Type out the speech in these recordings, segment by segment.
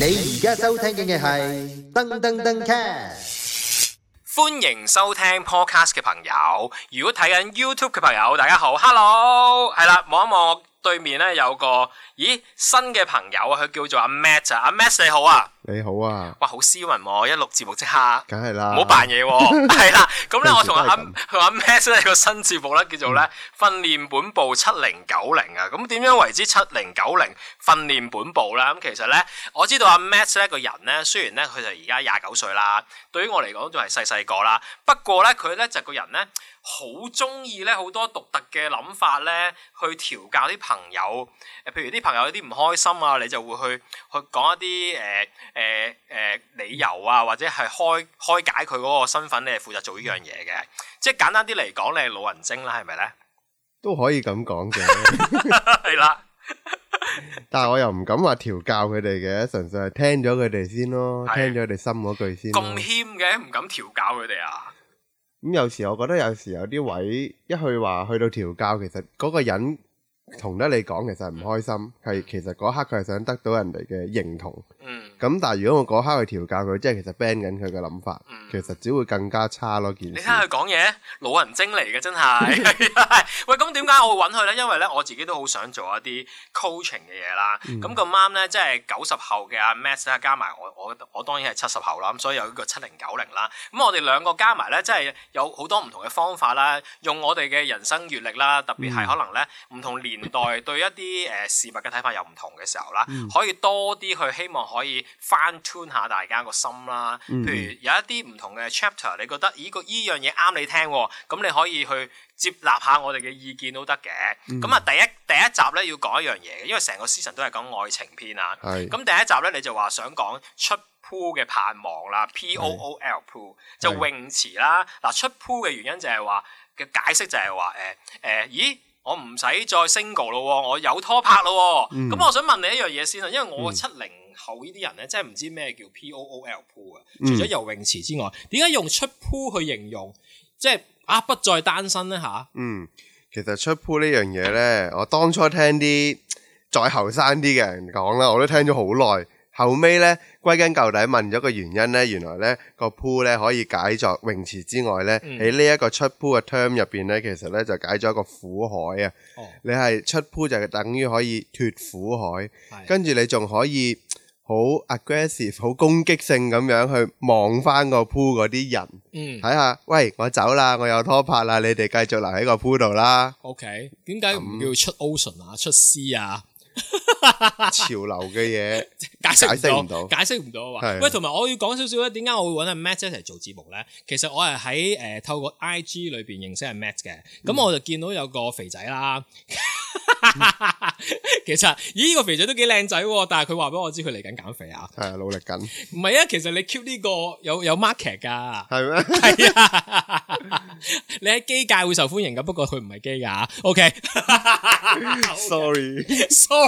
你而家收聽緊嘅係噔噔噔 cast，歡迎收聽 podcast 嘅朋友。如果睇緊 YouTube 嘅朋友，大家好，Hello，係啦，望一望。對面咧有個咦新嘅朋友啊，佢叫做阿 Matt 啊，阿 Matt 你好啊，你好啊，哇好斯文喎，一錄節目即刻，梗係啦，唔好扮嘢，係啦，咁咧我同阿阿 Matt 咧個新節目咧叫做咧訓練本部七零九零啊，咁點樣為之七零九零訓練本部咧？咁其實咧我知道阿 Matt 咧個人咧，雖然咧佢就而家廿九歲啦，對於我嚟講仲係細細個啦，不過咧佢咧就個人咧。好中意咧，好多獨特嘅諗法咧，去調教啲朋友。誒，譬如啲朋友有啲唔開心啊，你就會去去講一啲誒誒誒理由啊，或者係開開解佢嗰個身份，你係負責做呢樣嘢嘅。即係簡單啲嚟講，你係老人精啦，係咪咧？都可以咁講嘅，係啦。但係我又唔敢話調教佢哋嘅，純粹係聽咗佢哋先咯，聽咗佢哋心嗰句先。咁謙嘅，唔敢調教佢哋啊？咁，嗯，有時我覺得有時有啲位一去話去到調教，其實嗰個人。同得你講，其實係唔開心，係其實嗰刻佢係想得到人哋嘅認同。嗯。咁但係如果我嗰刻去調教佢，即係其實 ban 緊佢嘅諗法，其實只會更加差咯。件事。你睇下佢講嘢，老人精嚟嘅真係。喂，咁點解我會揾佢咧？因為咧我自己都好想做一啲 coaching 嘅嘢啦。咁咁啱咧，即係九十後嘅阿 Matt 咧加埋我，我我當然係七十後啦。咁所以有呢個七零九零啦。咁我哋兩個加埋咧，即係有好多唔同嘅方法啦，用我哋嘅人生閲歷啦，特別係可能咧唔同年年代對一啲誒事物嘅睇法有唔同嘅時候啦，可以多啲去希望可以翻 turn 下大家個心啦。譬如有一啲唔同嘅 chapter，你覺得呢個呢樣嘢啱你聽，哦，咁你可以去接納下我哋嘅意見都得嘅。咁啊，第一，呢一的第一集咧要講一樣嘢嘅，因為成個 season 都係講愛情篇啊。咁第一集咧你就話想講出 pool 嘅盼望啦，P O O L pool 就泳池啦。嗱出 pool 嘅原因就係話嘅解釋就係話誒誒，咦？我唔使再 single 咯，我有拖拍咯。咁、嗯、我想問你一樣嘢先啦，因為我七零後呢啲人咧，嗯、真係唔知咩叫 pool 啊。O L、ool，除咗游泳池之外，點解用出 pool 去形容？即係啊，不再單身咧吓。嗯，其實出 pool 呢樣嘢咧，我當初聽啲再後生啲嘅人講啦，我都聽咗好耐。後尾咧，歸根究底問咗個原因咧，原來咧個 pool 咧可以解作泳池之外咧，喺呢一個出 pool 嘅 term 入邊咧，其實咧就解咗一個苦海啊！哦、你係出 pool 就等於可以脫苦海，的跟住你仲可以好 aggressive、好攻擊性咁樣去望翻個 pool 嗰啲人，睇下、嗯、喂，我走啦，我有拖拍啦，你哋繼續留喺個 pool 度啦。OK，點解唔叫出 ocean 啊？出 sea 啊？ 潮流嘅嘢解釋唔到，解釋唔到話。喂，同埋是的 我要講少少咧，點解我會搵阿 Matt 一齊做節目咧？其實我係喺誒透過 IG 裏邊認識阿 Matt 嘅，咁、嗯、我就見到有個肥仔啦。嗯、 其實咦，這個肥仔都幾靚仔、啊，但係佢話俾我知佢嚟緊減肥啊，努力緊。唔係啊，其實你 keep 呢個有有 market 噶，係咩？係啊，你喺機界會受歡迎噶，不過佢唔係機噶。OK，sorry，sorry。 Sorry.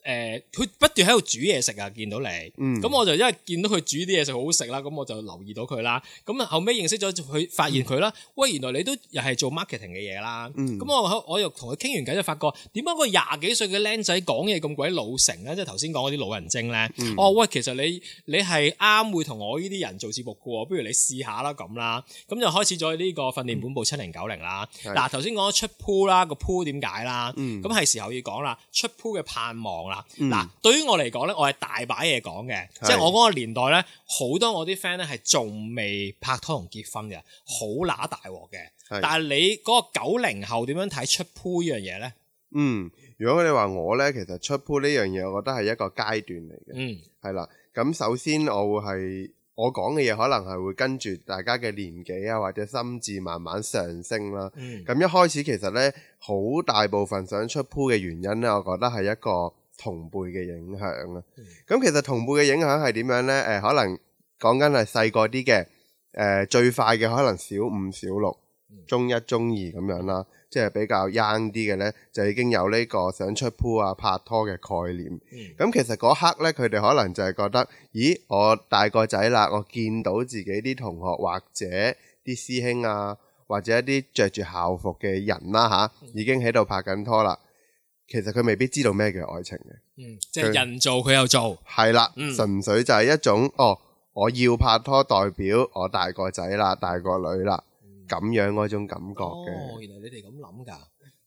誒，佢、呃、不斷喺度煮嘢食啊，見到你，咁、嗯嗯、我就因為見到佢煮啲嘢食好好食啦，咁、嗯、我就留意到佢啦。咁啊，後尾認識咗佢，發現佢啦。嗯、喂，原來你都又係做 marketing 嘅嘢啦。咁、嗯嗯、我我又同佢傾完偈，就發覺點解個廿幾歲嘅僆仔講嘢咁鬼老成咧？即係頭先講嗰啲老人精咧。嗯、哦，喂，其實你你係啱會同我呢啲人做節目嘅喎，不如你試下啦咁啦。咁就開始咗呢個訓練本部七零九零啦。嗱、嗯，頭先講出 Pool 啦，個 Pool 點解啦？咁係時候要講啦，出 Pool 嘅盼望。嗱嗱，嗯、對於我嚟講咧，我係大把嘢講嘅，是即係我嗰個年代咧，好多我啲 friend 咧係仲未拍拖同結婚嘅，好乸大鑊嘅。是但係你嗰個九零後點樣睇出 Pool 呢樣嘢咧？嗯，如果你話我咧，其實出 Pool 呢樣嘢，我覺得係一個階段嚟嘅。嗯，係啦。咁首先我會係我講嘅嘢，可能係會跟住大家嘅年紀啊，或者心智慢慢上升啦。咁、嗯、一開始其實咧，好大部分想出 Pool 嘅原因咧，我覺得係一個。同輩嘅影響啊，咁、嗯嗯、其實同輩嘅影響係點樣呢？誒、呃，可能講緊係細個啲嘅，誒、呃，最快嘅可能小五、小六、中一、中二咁樣啦，嗯、即係比較 young 啲嘅呢，就已經有呢個想出 pool 啊、拍拖嘅概念。咁、嗯嗯、其實嗰刻呢，佢哋可能就係覺得，咦，我大個仔啦，我見到自己啲同學或者啲師兄啊，或者一啲着住校服嘅人啦、啊、嚇，已經喺度拍緊拖啦。其實佢未必知道咩叫愛情嘅，嗯，即係佢人做佢又做，係啦的，嗯、純粹就係一種哦，我要拍拖代表我大個仔啦，大個女啦，咁、嗯、樣嗰種感覺嘅。哦，原來你哋咁諗㗎。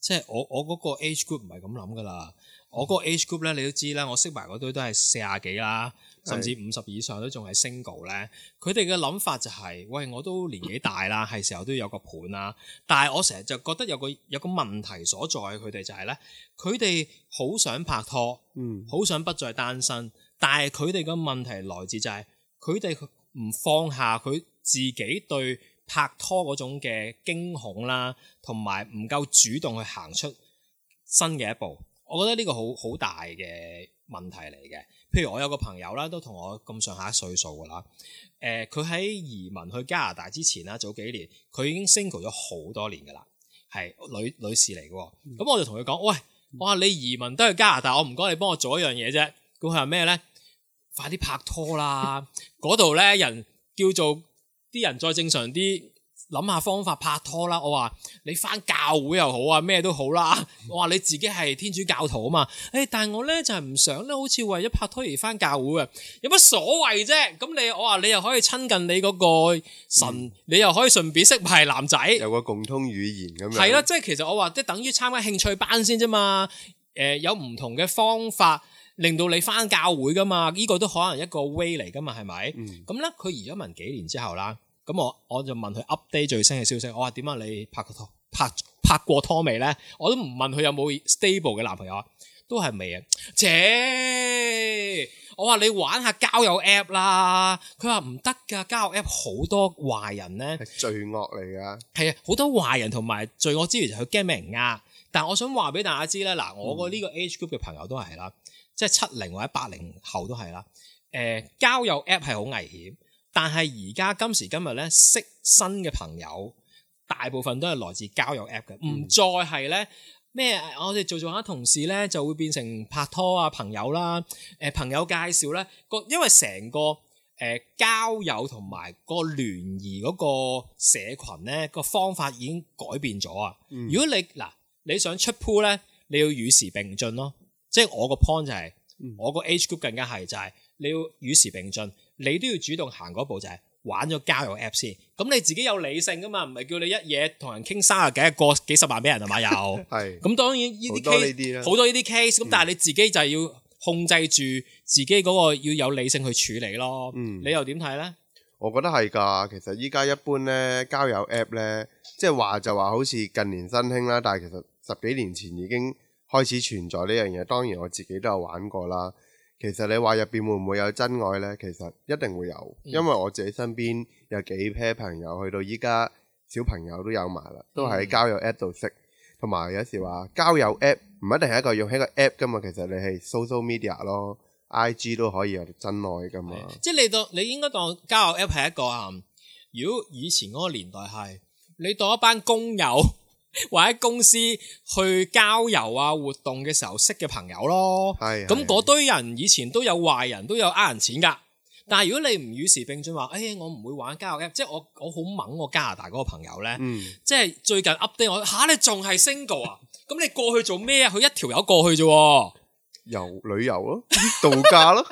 即係我我嗰個 age group 唔係咁諗噶啦，我嗰個 age group 咧，你都知啦，我識埋嗰堆都係四十幾啦，甚至五十以上都仲係 single 咧。佢哋嘅諗法就係、是，喂，我都年紀大啦，係 時候都要有個伴啦。但係我成日就覺得有個有個問題所在、就是，佢哋就係咧，佢哋好想拍拖，好、嗯、想不再單身，但係佢哋嘅問題來自就係佢哋唔放下佢自己對拍拖嗰種嘅驚恐啦，同埋唔夠主動去行出新嘅一步，我覺得呢個好好大嘅問題嚟嘅。譬如我有個朋友啦，都同我咁上下歲數噶啦，誒、呃，佢喺移民去加拿大之前啦，早幾年佢已經 single 咗好多年嘅啦，係女女士嚟嘅，咁我就同佢講：喂，我話你移民都去加拿大，我唔該你幫我做一樣嘢啫。咁佢話咩咧？快啲拍拖啦！嗰度咧人叫做。啲人再正常啲，諗下方法拍拖啦。我話你返教會又好啊，咩都好啦。我話你自己係天主教徒啊嘛。但係我咧就係、是、唔想咧，好似為咗拍拖而返教會啊。有乜所謂啫？咁你我話你又可以親近你嗰個神，嗯、你又可以順便識埋男仔，有個共通語言咁樣。係啦，即係其實我話即係等於參加興趣班先啫嘛。誒、呃，有唔同嘅方法。令到你翻教會噶嘛？呢、這個都可能一個 way 嚟噶嘛？係咪？咁咧、嗯嗯，佢移咗民幾年之後啦？咁我我就問佢 update 最新嘅消息。我話點啊？你拍過拖、拍拍過拖未咧？我都唔問佢有冇 stable 嘅男朋友啊？都係未啊？切！我話你玩下交友 app 啦。佢話唔得噶，交友 app 好多壞人咧。係罪惡嚟噶。係啊，好多壞人同埋罪惡之餘，佢驚咩人啊？但係我想話俾大家知咧，嗱，我個呢個 age group 嘅朋友都係啦。即係七零或者八零後都係啦，誒、呃、交友 app 係好危險，但係而家今時今日咧識新嘅朋友，大部分都係來自交友 app 嘅，唔再係咧咩我哋做做下同事咧就會變成拍拖啊朋友啦，誒、呃、朋友介紹咧，個因為成個誒、呃、交友同埋個聯誼嗰個社群咧、那個方法已經改變咗啊！如果你嗱、嗯、你想出 Pool 咧，你要與時並進咯。即係我個 point 就係、嗯，我個 H group 更加係就係你要與時並進，你都要主動行嗰步就係玩咗交友 app 先。咁你自己有理性噶嘛？唔係叫你一嘢同人傾三十幾個過幾十萬俾人啊嘛？ 又係咁，是當然 case, 呢啲好多呢啲 case。咁但係你自己就係要控制住自己嗰個要有理性去處理咯。嗯、你又點睇咧？我覺得係㗎。其實依家一般咧交友 app 咧，即係話就話好似近年新興啦，但係其實十幾年前已經。開始存在呢樣嘢，當然我自己都有玩過啦。其實你話入邊會唔會有真愛呢？其實一定會有，嗯、因為我自己身邊有幾批朋友去到依家，小朋友都有埋啦，嗯、都係喺交友 app 度識。同埋有，有時話交友 app 唔一定係一個用喺個 app 㗎嘛，其實你係 social media 咯，IG 都可以有真愛㗎嘛。即係你當你應該當交友 app 係一個啊、嗯，如果以前嗰個年代係你當一班工友。或者公司去郊遊啊活動嘅時候識嘅朋友咯，係咁嗰堆人以前都有壞人都有呃人錢噶，但係如果你唔與時並進話，誒、欸、我唔會玩交友 a 即係我我好猛我加拿大嗰個朋友咧，嗯、即係最近 update 我吓，你仲係 l e 啊，咁你，啊、 你過去做咩啊？佢一條友過去啫，遊旅遊咯，度假咯。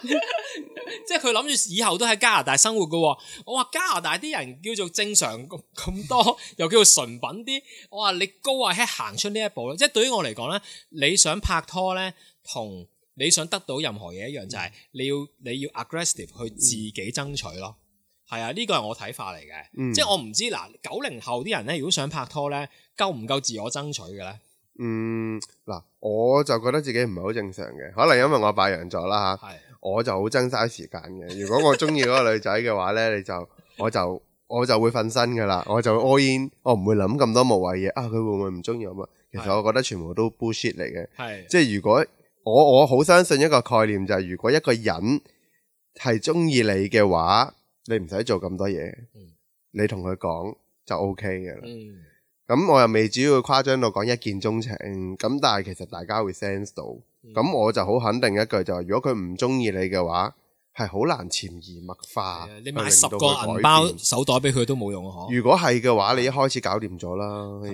即係佢諗住以後都喺加拿大生活噶、哦，我話加拿大啲人叫做正常咁多，又叫做純品啲。我話你高啊係行出呢一步咯，即係對於我嚟講咧，你想拍拖咧，同你想得到任何嘢一樣，就係、是、你要你要 aggressive 去自己爭取咯。係啊，嗯、呢個係我睇法嚟嘅，即係我唔知嗱九零後啲人咧，如果想拍拖咧，夠唔夠自我爭取嘅咧？嗯，嗱，我就覺得自己唔係好正常嘅，可能因為我白羊座啦吓。我就好憎嘥時間嘅。如果我中意嗰個女仔嘅話呢， 你就我就我就會瞓身㗎喇，我就 all in，我唔會諗咁多無謂嘢啊。佢會唔會唔中意我啊？其實我覺得全部都 bullshit 嚟嘅。是的 即係如果我我好相信一個概念就係、是，如果一個人係中意你嘅話，你唔使做咁多嘢，你同佢講就 OK 嘅啦。咁、嗯、我又未主要誇張到講一見鐘情，咁但係其實大家會 sense 到。咁我就好肯定一句，就係如果佢唔中意你嘅話，係好難潛移默化令到佢改變。你買十個銀包手袋俾佢都冇用。如果係嘅話，你一開始搞掂咗啦。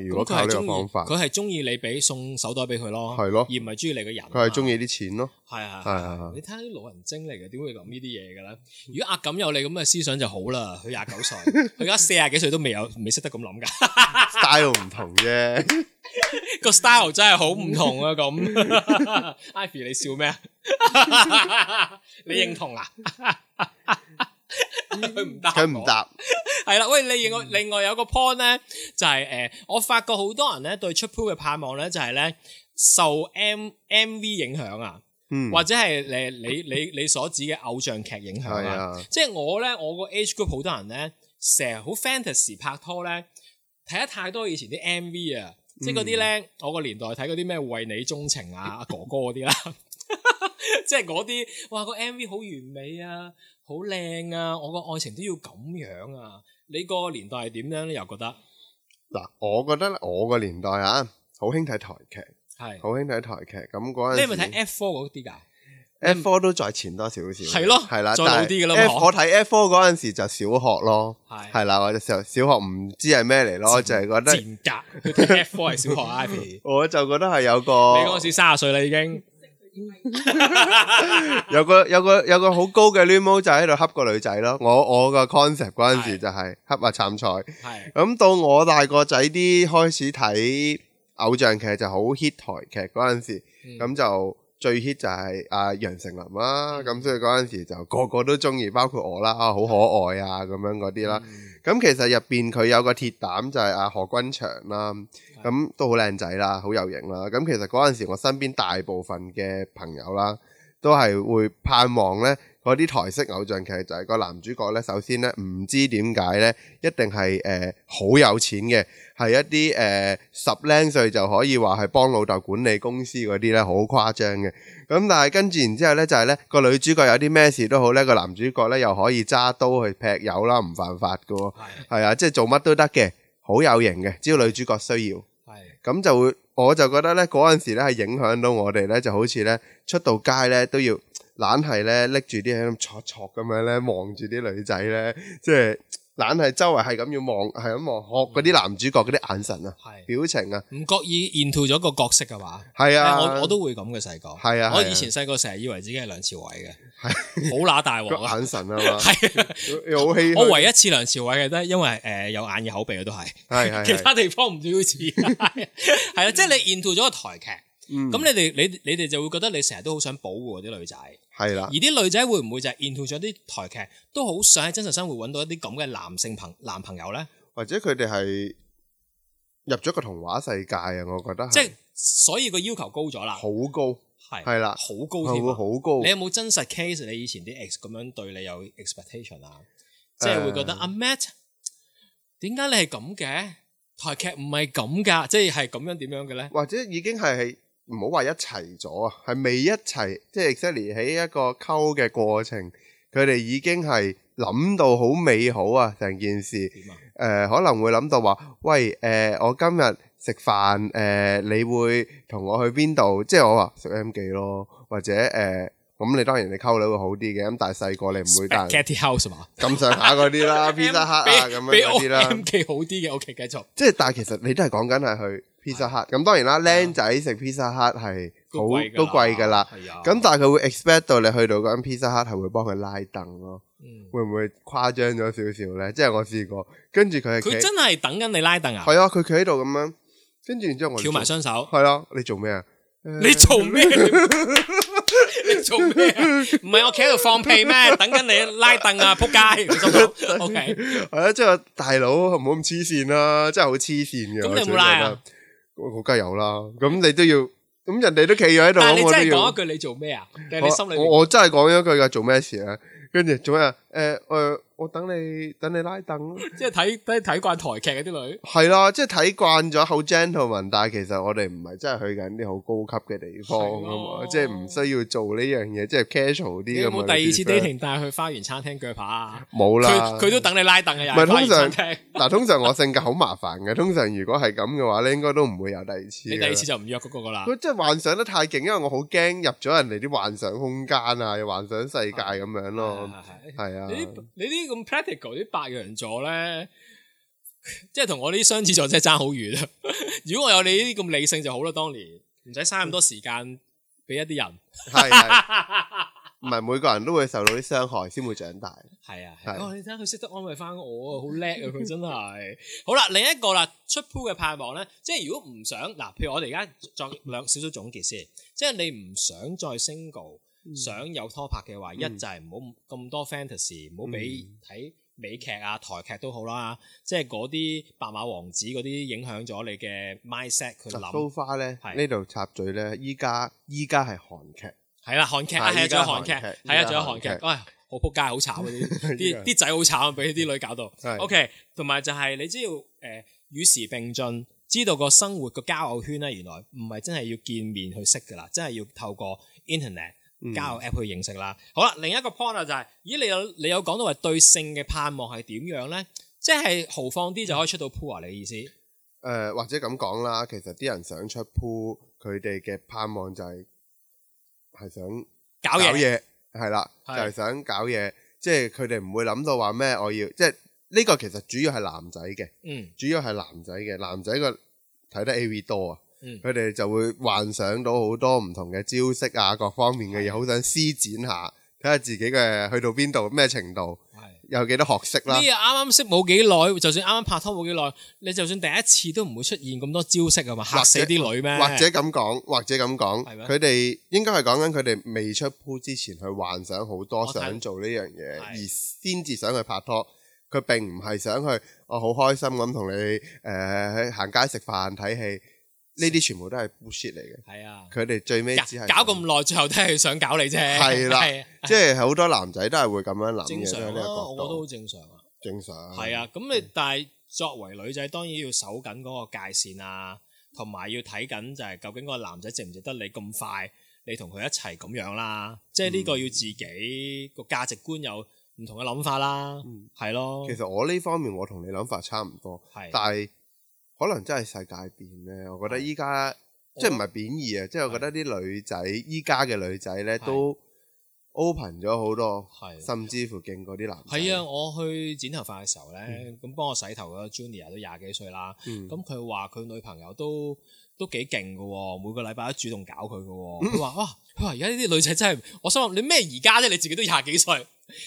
如果佢係咁講法，佢係中意你俾送手袋俾佢咯，係咯，而唔係中意你個人。佢係中意啲錢咯，係啊，係啊，你睇下啲老人精嚟嘅，點會諗呢啲嘢㗎咧？如果阿錦有你咁嘅思想就好啦。佢廿九歲，佢而家四十幾歲都未有，未識得咁諗㗎。style 唔同啫。 個 style 真係好唔同啊！咁 ，Ivy 你笑咩啊？ 你認同啊？佢 唔答，答，佢唔答。係啦，喂，你另外另外有個 point 咧，就係、是、誒、呃，我發覺好多人咧對出 Pool 嘅盼望咧，就係、是、咧受 M M V 影響啊，嗯、或者係你你你你所指嘅偶像劇影響啊。即係 我咧，我個 age group 好多人咧，成日好 fantasy 拍拖咧，睇得太多以前啲 M V 啊。即係嗰啲咧，嗯、我個年代睇嗰啲咩為你鍾情啊、 哥哥啲啦， 即係嗰啲，哇個 MV 好完美啊，好靚啊，我個愛情都要咁樣啊！你個年代係點樣咧？又覺得嗱，我覺得我個年代啊，好興睇台劇，係好興睇台劇，咁嗰陣你係咪睇 F4 嗰啲㗎？F four 都再前多少少，係咯，係啦，再老啲嘅啦。我睇 F four 嗰陣時就小學咯，係係啦，我就小小學唔知係咩嚟咯，就係覺得。格，F four 係小學 I P。我就覺得係有個，你嗰陣時卅歲啦已經，有個有個有個好高嘅短毛仔喺度恰個女仔咯。我我個 concept 嗰陣時就係恰啊杉菜，係咁到我大個仔啲開始睇偶像劇就好 hit 台劇嗰陣時，咁就。最 hit 就係阿、啊、楊丞琳啦，咁所以嗰陣時就個個都中意，包括我啦，啊好可愛啊咁樣嗰啲啦。咁其實入邊佢有個鐵膽就係阿、啊、賀軍翔啦，咁都好靚仔啦，好有型啦。咁其實嗰陣時我身邊大部分嘅朋友啦，都係會盼望咧嗰啲台式偶像劇就係、是、個男主角咧，首先咧唔知點解咧，一定係誒好有錢嘅。係一啲誒、呃、十零歲就可以話係幫老豆管理公司嗰啲咧，好誇張嘅。咁、嗯、但係跟住然之後咧，就係、是、咧個女主角有啲咩事都好咧，個男主角咧又可以揸刀去劈友啦，唔犯法㗎喎、哦。係啊的，即係做乜都得嘅，好有型嘅，只要女主角需要。係咁的、嗯、就會，我就覺得咧嗰陣時咧係影響到我哋咧，就好似咧出到街咧都要懶係咧拎住啲喺度戳戳咁樣咧望住啲女仔咧，即係。硬係周圍係咁要望，係咁望學嗰啲男主角嗰啲眼神啊，表情啊。唔覺意 into 咗個角色啊嘛？係啊，我我都會咁嘅細個。係啊，我以前細個成日以為自己係梁朝偉嘅，好乸大王啊眼神啊嘛。係我唯一似梁朝偉嘅都因為誒有眼耳口鼻啊，都係，係其他地方唔到似。係啊，即係你 into 咗個台劇，咁你哋你你哋就會覺得你成日都好想保護啲女仔。係啦，而啲女仔會唔會就係 into 咗啲台劇，都好想喺真實生活揾到一啲咁嘅男性朋男朋友咧？或者佢哋係入咗個童話世界啊？我覺得即係所以個要求高咗啦，好高，係係啦，好高，係會好高。你有冇真實 case？你以前啲 ex 咁樣對你有 expectation 啊？即係會覺得阿、呃啊、Matt 點解你係咁嘅？台劇唔係咁噶，即係係咁樣點樣嘅咧？或者已經係。唔好話一齊咗啊，係未一齊，即係 exactly 喺一個溝嘅過程，佢哋已經係諗到好美好啊成件事。誒、啊呃，可能會諗到話，喂，誒、呃，我今日食飯，誒、呃，你會同我去邊度？即係我話食 M 記咯，或者誒，咁、呃、你當然你溝女會好啲嘅，咁但係細個你唔會但。咁上下嗰啲啦，Pizza hut 啊咁樣嗰啲啦。M 記些比我 好啲嘅，OK，繼續。即係但係其實你都係講緊係去。披薩客咁當然啦，靚仔食披薩客係好都貴噶啦。咁但係佢會 expect 到你去到嗰間披薩客係會幫佢拉凳咯，會唔會誇張咗少少咧？即係我試過，跟住佢佢真係等緊你拉凳啊！係啊，佢企喺度咁樣，跟住然之後我翹埋雙手，係咯，你做咩啊？你做咩？你做咩？唔係我企喺度放屁咩？等緊你拉凳啊！仆街！OK 係啊，即係大佬，唔好咁黐線啦！真係好黐線嘅，咁你有冇拉啊？我梗有啦，咁你都要，咁人哋都企咗喺度，但係你真係講一句你做咩啊？你心裡，我我真係講一句噶，做咩事啊？跟住做咩啊？誒誒，我等你等你拉凳，即係睇等你睇慣台劇嗰啲女，係啦，即係睇慣咗好 gentleman，但係其實我哋唔係真係去緊啲好高級嘅地方啊嘛，即係唔需要做呢樣嘢，即係 casual 啲咁，有冇第二次 dating 帶去花園餐廳鋸扒啊？冇啦，佢都等你拉凳嘅人，唔係通常，嗱，通常我性格好麻煩嘅，通常如果係咁嘅話咧，你應該都唔會有第二次。你第二次就唔約嗰個啦。佢即係幻想得太勁，因為我好驚入咗人哋啲幻想空間啊，幻想世界咁樣咯，係。你你啲咁 practical 啲白羊座咧，即係同我啲雙子座真係爭好遠啊！如果我有你呢啲咁理性就好啦，當年唔使嘥咁多時間俾一啲人，係唔係？每個人都會受到啲傷害先會長大。係啊，係你睇下佢識得安慰翻我啊，好叻啊！佢真係好啦，另一個啦，出 Pool 嘅盼望咧，即係如果唔想嗱，譬如我哋而家作兩少少總結先，即係你唔想再 single。想有拖拍嘅話，一就係唔好咁多 fantasy，唔好俾睇美劇啊、台劇都好啦，嗯、即係嗰啲白馬王子嗰啲影響咗你嘅 mindset 去諗。蘇花咧呢度是插嘴咧，依家依家係韓劇。係啦，韓劇啊，係啊，仲有韓劇，係啊，仲有韓劇，喂，好仆街，好慘啲、啊，啲仔好慘、啊，俾啲女搞到。 OK，同埋就係你只要誒與時並進，知道個生活個交友圈咧、啊，原來唔係真係要見面去識㗎喇，真係要透過 internet。交友 app 去認識啦。好啦，另一個 point 啊，就是，就係咦，你有你有講到話對性嘅盼望係點樣咧？即係豪放啲就可以出到 pool 啊，嗯！你意思？誒、呃，或者咁講啦，其實啲人想出 pool，佢哋嘅盼望就係、是、係想搞嘢，係啦，就係、是、想搞嘢。即係佢哋唔會諗到話咩，我要即係呢個其實主要係男仔嘅，嗯，主要係男仔嘅。男仔個睇得 AV 多啊。佢哋就會幻想到好多唔同嘅招式啊，各方面嘅嘢好想施展下，睇下自己嘅去到邊度，咩程度，是的 有幾多學識啦。啱啱識冇幾耐，就算啱啱拍拖冇幾耐，你就算第一次都唔會出現咁多招式啊嘛，嚇死啲女咩？或者咁講，或者咁講，佢哋的應該係講緊佢哋未出鋪出 Pool 之前，去幻想好多想做呢樣嘢，而先至想去拍拖。佢並唔係想去，我、哦、好開心咁同你誒去、呃、行街食飯睇戲。呢啲全部都係 bullshit 嚟嘅，係啊！佢哋最尾搞咁耐，最後都係想搞你啫，係啦，即係好多男仔都係會咁樣諗，正常啊，我覺得好正常啊，正常。係啊，咁你但係作為女仔，當然要守緊嗰個界線啊，同埋要睇緊就係究竟個男仔值唔值得你咁快你同佢一齊咁樣啦。即係呢個要自己個價值觀有唔同嘅諗法啦，係咯。其實我呢方面我同你諗法差唔多，係，但係。可能真係世界變咧，我覺得依家即係唔係貶義啊！即係我覺得啲女仔依家嘅女仔咧都 open 咗好多，甚至乎勁過啲男。係啊，我去剪頭髮嘅時候咧，咁幫我洗頭嗰個 Junior 都廿幾歲啦。咁佢話佢女朋友都都幾勁㗎喎，每個禮拜都主動搞佢㗎喎。佢話：哇，佢話而家呢啲女仔真係，我心諗你咩而家咧？你自己都廿幾歲。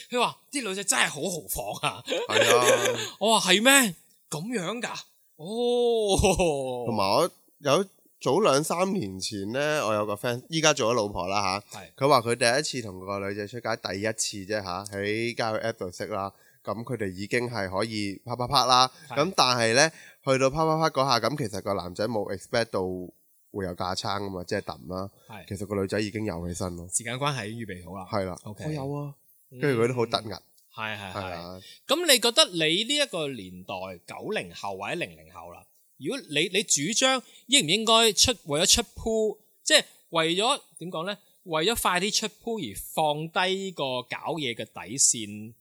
佢話啲女仔真係好豪放啊！係啊，我話係咩咁樣㗎？哦，同埋、oh. 我有早兩三年前呢，我有個 friend，依家做咗老婆啦嚇。係、啊，佢話佢第一次同個女仔出街，第一次啫嚇，喺交友 app 度識啦。咁佢哋已經係可以啪啪啪啪啦。咁是、嗯、但係呢，去到啪啪啪嗰下，咁其實個男仔冇 expect 到會有架撐啊嘛，即係揼啦。是其實個女仔已經有起身咯。時間關係已經預備好啦。係啦，我有啊，跟住佢都好揼嘅。嗯嗯嗯係係係，咁是的 你覺得你呢一個年代九零後或者零零後啦，如果你你主張應唔應該出為咗出鋪，即係為咗點講咧，為咗快啲出鋪而放低個搞嘢嘅底線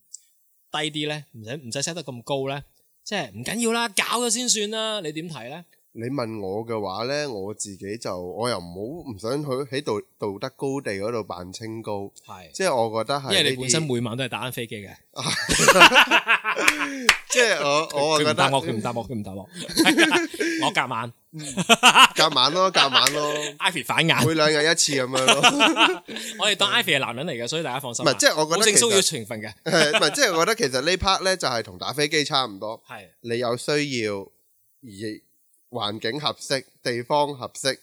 低啲咧，唔使唔使 set 得咁高咧，即係唔緊要啦，搞咗先算啦，你點睇咧？你問我嘅話咧，我自己就我又唔好唔想去喺道道德高地嗰度扮清高，係的，即係我覺得係。因為你本身每晚都係打緊飛機嘅， 即係我我唔答我，佢唔打我，佢唔打我。答我，我 甲眼 隔晚，隔晚咯，隔晚咯，Ivy 反眼，每兩日一次咁樣咯。 我哋當 Ivy 係男人嚟嘅，所以大家放心。唔係，即係我覺得需要成分嘅，唔係，即係我覺得其實呢 part 咧就係、是、同打飛機差唔多，係的。你有需要而。環境合適，地方合適，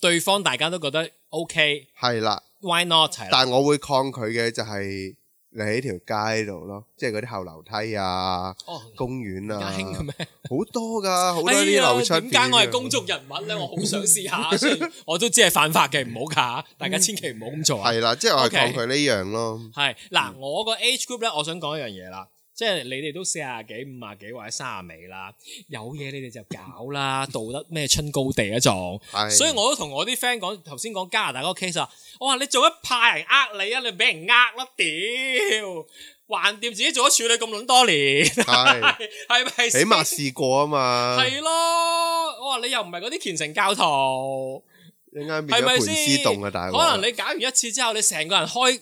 對方大家都覺得 OK，係啦，Why not？但係我會抗拒嘅就係你喺條街度咯，即係嗰啲後樓梯啊、oh，公園啊，好多噶，好多啲露出邊、哎。點解我係公眾人物咧？ 我好想試下，我都知係犯法嘅，唔好噶，大家千祈唔好咁做。係啦，Okay 即係我係抗拒呢樣咯。係嗱、嗯，我個 H group 咧，我想講一樣嘢啦。即係你哋都四啊幾五啊幾或者三啊尾啦，有嘢你哋就搞啦，道德咩春高地一種，所以我都同我啲 friend 講，頭先講加拿大嗰 case 話，我話你做乜怕人呃你啊，你俾人呃咯，屌，橫掂自己做咗處女咁卵多年，係咪？起碼試過啊嘛。係咯，我話你又唔係嗰啲虔誠教徒，你啱面咗盤絲洞啊，大佬。可能你搞完一次之後，你成個人開。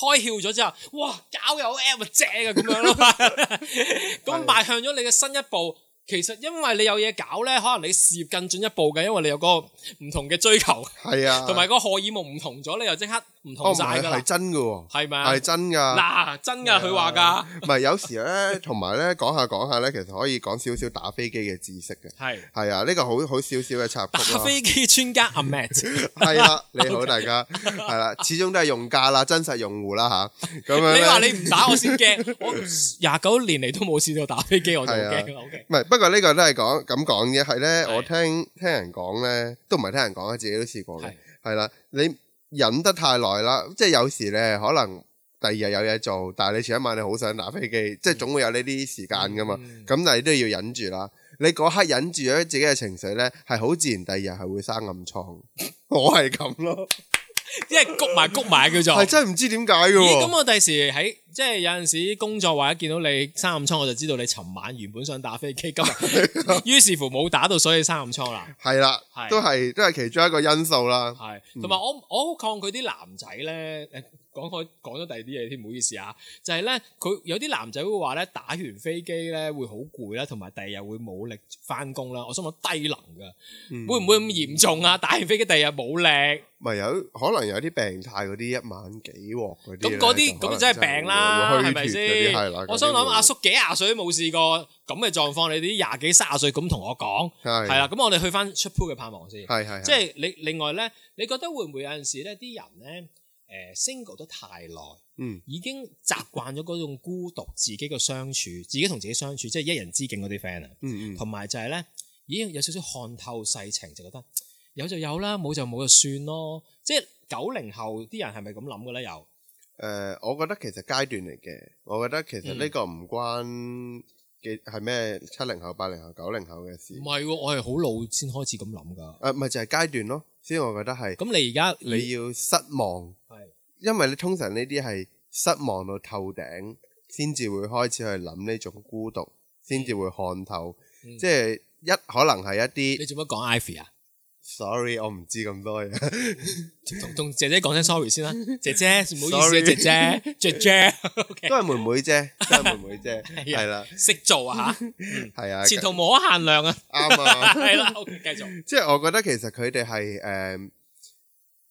開竅咗之後，哇！搞有好 a 正嘅咁樣咯。咁 邁向咗你嘅新一步，其實因為你有嘢搞咧，可能你事業更進一步嘅，因為你有個唔同嘅追求。係是啊，同埋嗰個荷爾蒙唔同咗，你又即刻。唔同晒噶，係真噶，係咪係真噶，嗱，真噶佢話噶，唔係有時咧，同埋咧，講下講下咧，其實可以講少少打飛機嘅知識嘅，係係啊，呢個好好少少嘅插曲咯。打飛機專家阿 Matt，係啦，你好大家，係啦，始終都係用家啦，真實用戶啦吓，咁樣。你話你唔打我先驚，我廿九年嚟，都冇試過打飛機，我仲驚。唔係，不過呢個都係講咁講嘅，係咧，我聽聽人講咧，都唔係聽人講，自己都試過嘅，係啦，你。忍得太耐啦，即係有時咧，可能第二日有嘢做，但係你前一晚你好想打飛機，嗯、即係總會有呢啲時間㗎嘛，咁、嗯、但係都要忍住啦。你嗰刻忍住咗自己嘅情緒咧，係好自然，第二日係會生暗瘡。我係咁咯。 即係谷埋谷埋叫做，係真係唔知點解嘅。咁我第時喺即係有陣時工作或者見到你生暗瘡，我就知道你尋晚原本想打飛機，今日 於是乎冇打到，所以生暗瘡啦。係啦，都係都係其中一個因素啦。係，同埋我我好抗拒啲男仔咧。講開講咗第二啲嘢添，唔好意思啊。就係咧，佢有啲男仔會話咧，打完飛機咧會好攰啦，同埋第二日會冇力翻工啦。我想問低能噶，會唔會咁嚴重啊？打完飛機第二日冇力，咪有可能有啲病態嗰啲一晚幾鑊嗰啲咁嗰啲咁真係病啦，係咪先？我想諗阿叔幾廿歲都冇試過咁嘅狀況，你哋啲廿幾卅歲咁同我講，係啦，咁我哋去翻出 Pool 嘅盼望先，係係。即係你另外咧，你覺得會唔會有陣時咧啲人咧？誒、呃、single 得太耐，嗯，已經習慣咗嗰種孤獨，自己嘅相處，嗯嗯、自己同自己相處，即係一人之境嗰啲 friend 啊，嗯嗯，同埋就係咧，已經，有少少看透世情，就覺得有就有啦，冇就冇就算咯，即係九零後啲人係咪咁諗嘅咧？又誒、呃，我覺得其實階段嚟嘅，我覺得其實呢個唔關。嗯嘅係咩？七零後，後，後、八零後、九零後嘅事唔係喎，我係好老先開始咁諗㗎。誒、啊，唔係就係、是、階段咯。所以我覺得係。咁你而家你要失望，係因為你通常呢啲係失望到透頂，先至會開始去諗呢種孤獨，先至會看透。嗯、即係一可能係一啲。你做乜講 Ivy 啊？sorry，我唔知咁多嘢。同同姐姐講聲 sorry 先啦，姐姐唔好意思啊，姐姐，姐姐都係妹妹啫，都係妹妹啫，係啦，識做啊吓，係啊，前途冇可限量啊，啱啊，係啦，OK，繼續。即係我覺得其實佢哋係誒，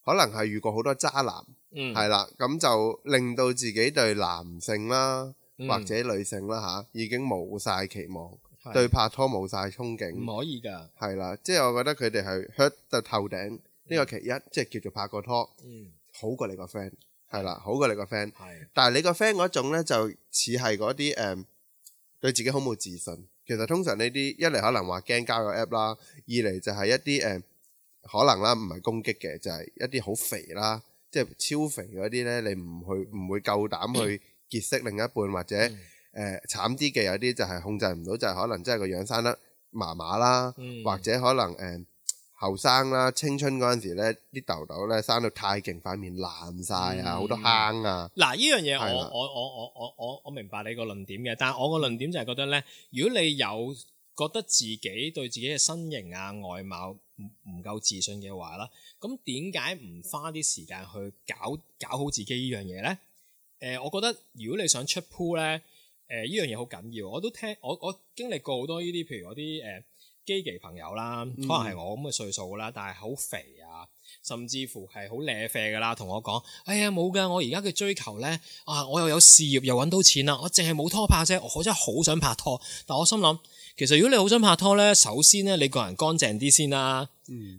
可能係遇過好多渣男，係啦，咁就令到自己對男性啦或者女性啦吓，已經冇晒期望。對拍拖冇晒憧憬，唔可以㗎，係啦，即係我覺得佢哋係 hurt 得透頂，呢個其一，嗯，即係叫做拍過拖，嗯，好過你個 friend，係啦，好過你個 friend，但係你個 friend 嗰一種咧，就似係嗰啲誒，um, 對自己好冇自信。嗯、其實通常呢啲，一嚟可能話驚加個 app 啦，二嚟就係一啲誒，可能啦，唔係攻擊嘅，就係一啲好肥啦，即係超肥嗰啲呢，你唔去，唔會夠膽去結識另一半、嗯、或者、嗯。誒、呃、慘啲嘅有啲就係控制唔到，就係、是、可能真係個樣生得麻麻啦，嗯、或者可能誒、呃、後生啦，青春嗰陣時咧啲痘痘咧生到太勁，塊面爛晒、嗯、啊，好多坑啊。嗱，呢樣嘢我我我我我我我明白你個論點嘅，但係我個論點就係覺得咧，如果你有覺得自己對自己嘅身形啊、外貌唔唔夠自信嘅話啦，咁點解唔花啲時間去搞搞好自己呢樣嘢咧？誒、呃，我覺得如果你想出 Pool 咧。誒、呢樣嘢好緊要，我都聽我我經歷過好多呢啲，譬如我啲誒機朋友啦，嗯、可能係我咁嘅歲數啦，但係好肥啊，甚至乎係好㗎啡噶啦，同我講，哎呀冇噶，我而家嘅追求咧，啊我又有事業又揾到錢啦，我淨係冇拖拍啫，我真係好想拍拖，但係我心諗，其實如果你好想拍拖咧，首先咧你個人乾淨啲先啦，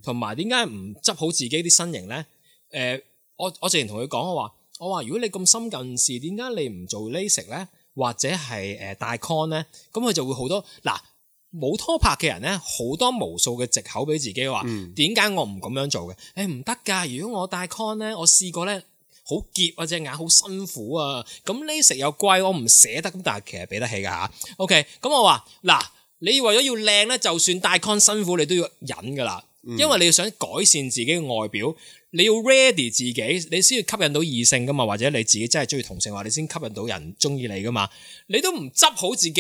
同埋點解唔執好自己啲身形咧？誒、呃，我我之同佢講，我話我話如果你咁深近視，點解你唔做呢 a z 咧？或者係誒戴 con 咧，咁佢就會好多嗱冇拖拍嘅人咧，好多無數嘅藉口俾自己話，點解、嗯、我唔咁樣做嘅？誒唔得㗎！如果我戴 con 咧，我試過咧好澀啊，隻眼好辛苦啊，咁呢食又貴，我唔捨得咁，但係其實俾得起㗎嚇、啊。OK，咁、嗯、我話嗱，你為咗要靚咧，就算戴 con 辛苦，你都要忍㗎啦。因為你要想改善自己嘅外表，你要 ready 自己，你先要吸引到異性㗎嘛，或者你自己真係中意同性，話你先吸引到人中意你㗎嘛。你都唔執好自己，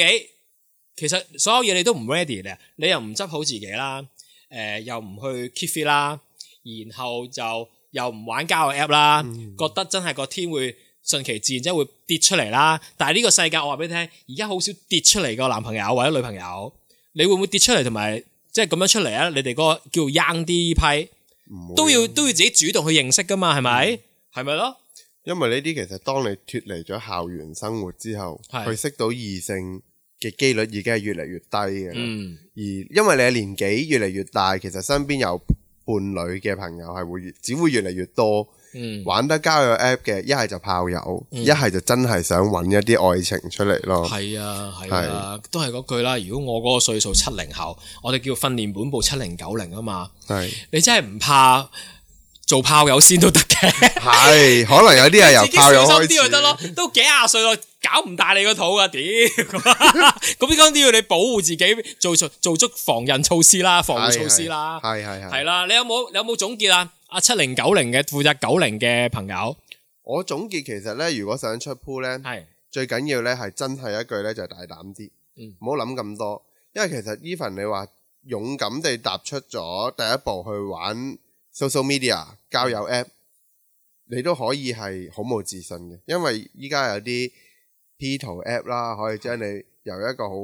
其實所有嘢，你都唔 ready 嘅，你又唔執好自己啦，誒、呃、又唔去 keep fit 啦，然後就又唔玩交友 app 啦、嗯，覺得真係個天會順其自然，即係會跌出嚟，啦。但係呢個世界，我話俾你聽，而家好少跌出嚟個男朋友或者女朋友，你會唔會跌出嚟同埋？即係咁樣出嚟啊！你哋嗰、嗰個叫 young 啲呢批，會啊、都要都要自己主動去認識噶嘛，係咪？係咪、嗯、咯？因為呢啲其實當你脫離咗校園生活之後，是去識到異性嘅幾率已經係越嚟越低嘅。嗯，而因為你嘅年紀越嚟越大，其實身邊有伴侶嘅朋友係會越只會越嚟越多。玩得交友 App 嘅，一係就炮友，一係就真係想搵一啲愛情出嚟咯。係啊，係啊，都係嗰句啦。如果我嗰個歲數七零後，我哋叫訓練本部七零九零啊嘛。係，你真係唔怕做炮友先都得嘅。係，可能有啲人由炮友開始，小心啲就得咯，都幾廿歲咯，搞唔大你個肚啊。屌，咁啱啲要你保護自己，做做足防人措施啦，防護措施啦。係係係。係啦，你有冇有冇總結啊？啊，七零九零嘅負責九零嘅朋友，我總結其實咧，如果想出 Pool 咧，係是最緊要咧係真係一句咧就係大膽啲，嗯，唔好諗咁多。因為其實 even 你話勇敢地踏出咗第一步去玩 social media 交友 app，你都可以係好冇自信嘅，因為依家有啲 P 圖 app 啦，可以將你由一個好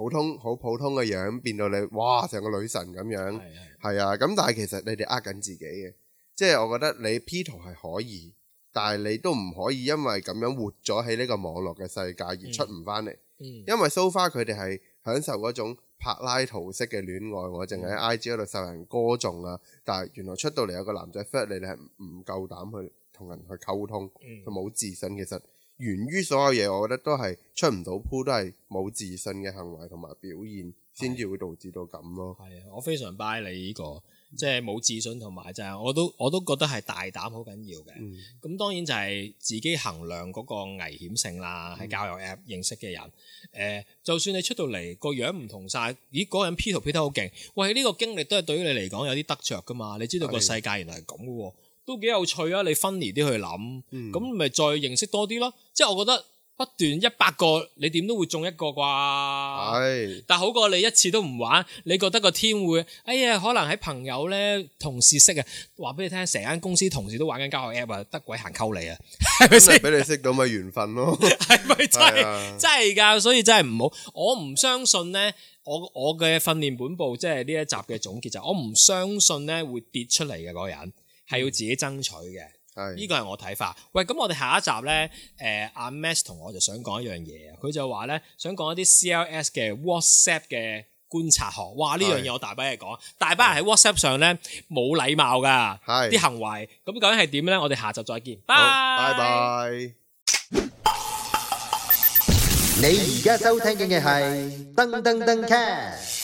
普通好普通嘅樣變到你，哇！成個女神咁樣，係嘅啊！咁但係其實你哋呃緊自己嘅，即係我覺得你 P 圖係可以，但係你都唔可以因為咁樣活咗喺呢個網絡嘅世界而出唔翻嚟。嗯嗯、因為 so far 佢哋係享受嗰種柏拉圖式嘅戀愛，我淨係喺 IG 嗰度受人歌頌啊！但係原來出到嚟有個男仔 fit、嗯、你哋係唔夠膽去同人去溝通，佢冇自信其實。源於所有嘢，我覺得都係出唔到 Pool，都係冇自信嘅行為同埋表現，先至會導致到咁咯。係啊，我非常 buy 呢、這個，即係冇自信同埋就係我都我都覺得係大膽好緊要嘅。咁、嗯、當然就係自己衡量嗰個危險性啦。喺交友 App 認識嘅人，誒、呃，就算你出到嚟個樣唔同晒，咦嗰人 P 圖 P 得好勁，喂呢、這個經歷都係對於你嚟講有啲得着噶嘛？你知道個世界原來係咁嘅喎。都幾有趣啊！你分離啲去諗，咁咪、嗯、再認識多啲咯。即、就、係、是、我覺得不斷一百個，你點都會中一個啩。是的 但好過你一次都唔玩，你覺得個天會？哎呀，可能喺朋友咧、同事識啊，話俾你聽，成間公司同事都玩緊交學 app 啊，得鬼閒溝你啊，係咪先？俾你識到咪緣 分咯，係咪 真係、哎、呀 真係噶？所以真係唔好，我唔相信咧。我我嘅訓練本部即係呢一集嘅總結就，我唔相信咧會跌出嚟嘅嗰個人。係要自己爭取嘅，呢是個係我睇法。喂，咁我哋下一集咧，誒、啊、阿 Max 同我就想講一樣嘢，佢就話咧想講一啲 CLS 嘅 WhatsApp 嘅觀察學。哇，呢樣嘢我大把人講，是大把人喺 WhatsApp 上咧冇禮貌噶，啲是行為咁究竟係點咧？我哋下集再見。拜拜。你而家收聽嘅係燈登登 Cast。